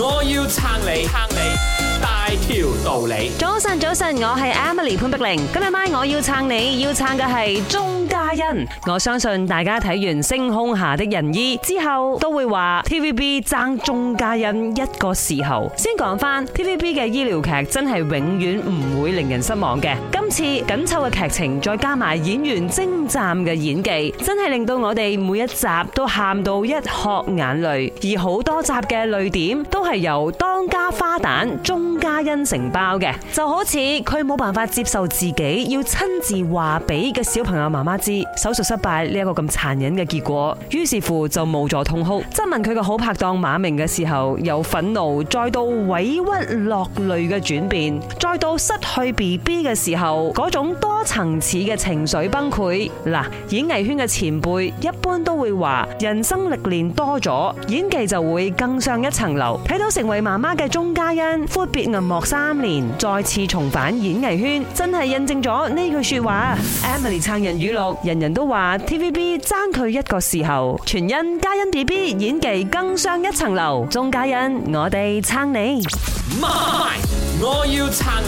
我要撐你，撐你大條道理。早晨，早晨，我係 Emily 潘碧玲。今日晚我要撐你，要撐嘅係鍾嘉欣。我相信大家睇完《星空下的仁醫》之後，都會話 TVB 爭鍾嘉欣一個時候。先講翻 TVB 嘅醫療劇，真係永遠唔會令人失望嘅。今次緊湊嘅劇情，再加埋演員精湛嘅演技，真係令到我哋每一集都喊到一殼眼淚，而好多集嘅淚點都～都係由當家花旦鍾嘉欣承包嘅，就好似佢冇辦法接受自己要親自話俾嘅小朋友媽媽知手術失敗呢一個咁殘忍嘅結果，於是乎就無助痛哭。質問佢個好拍檔馬明嘅時候，由憤怒再到委屈落淚嘅轉變。再到失去 B B 嘅時候，嗰種多層次嘅情緒崩潰。嗱，演藝圈嘅前輩一般都會話，人生歷練多咗，演技就會更上一層樓。睇到成為媽媽嘅鍾嘉欣闊別銀幕三年，再次重返演藝圈，真係印證咗呢句說話。Emily 撐人語錄，人人都話 T V B 爭佢一個時候，全因嘉欣 B B 演技更上一層樓。鍾嘉欣，我哋撐你。媽咪，我要撐。